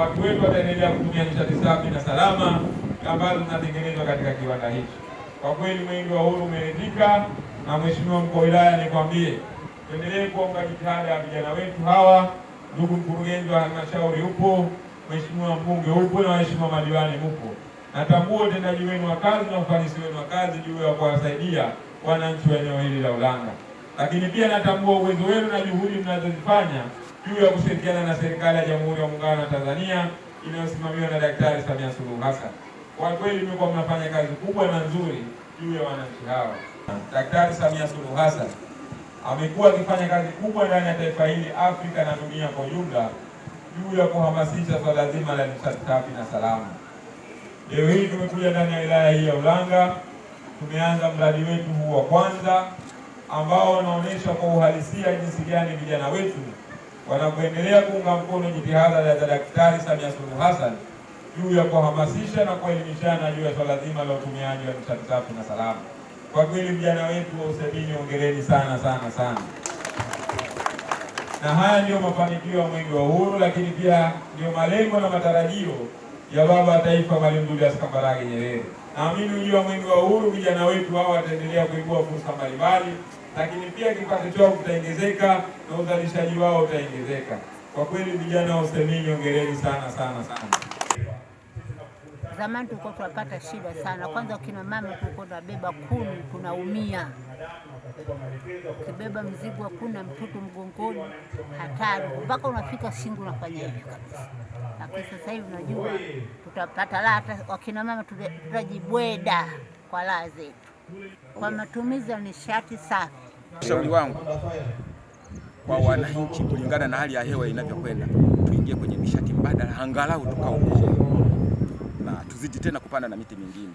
watu wetu wataendelea kutumia nishati safi na salama ambazo zinatengenezwa katika kiwanda hichi. Kwa kweli mwenge wa uhuru umeridhika, na mheshimiwa mkuu wa wilaya, nikwambie tuendelee kuomba jitihada ya vijana wetu hawa. Ndugu mkurugenzi wa halmashauri upo, mheshimiwa mbunge upo, na waheshimiwa madiwani mpo. Natambua utendaji wenu wa kazi na ufanisi wenu wa kazi juu ya kuwasaidia wananchi wa eneo hili la Ulanga lakini pia natambua uwezo wenu na juhudi mnazozifanya juu ya kushirikiana na serikali ya Jamhuri ya Muungano wa Tanzania inayosimamiwa na Daktari Samia Suluhu Hassan. Kwa kweli mmekuwa mnafanya kazi kubwa na nzuri juu ya wananchi hawa. Daktari Samia Suluhu Hassan amekuwa akifanya kazi kubwa ndani ya taifa hili, Afrika na dunia kwa ujumla, juu ya kuhamasisha swala zima la nishati safi na salama. Leo hii tumekuja ndani ya wilaya hii ya Ulanga, tumeanza mradi wetu huu wa kwanza ambao wanaonyesha kwa uhalisia jinsi gani vijana wetu wanapoendelea kuunga mkono jitihada za Daktari Samia Suluhu Hassan juu ya kuhamasisha na kuelimishana juu ya swala zima la utumiaji wa nishati safi na salama. Kwa kweli vijana wetu wa Usebini, sana sana sana, na haya ndiyo mafanikio ya Mwenge wa Uhuru, lakini pia ndiyo malengo na matarajio ya baba wa taifa Mwalimu Julius Kambarage Nyerere. Naamini ujio wa mwenge wa uhuru, vijana wetu hawa wataendelea kuibua fursa mbalimbali, lakini pia kipato chao kitaongezeka na uzalishaji wao utaongezeka. Kwa kweli, vijana Useminyi, hongereni sana sana sana. Zamani tulikuwa tunapata shida sana, kwanza kina mama tulikuwa tunabeba kuni tunaumia. Ukibeba mzigo hakuna mtoto mgongoni, hatari mpaka unafika singu, unafanya hivi kabisa. Lakini sasa hivi unajua tutapata raha, hata wakina mama tutajibweda kwa laa zetu, kwa matumizi ya nishati safi. Ushauri wangu kwa wananchi, kulingana na hali ya hewa inavyokwenda, tuingie kwenye nishati mbadala, angalau tukaokoa na tuzidi tena kupanda na miti mingine.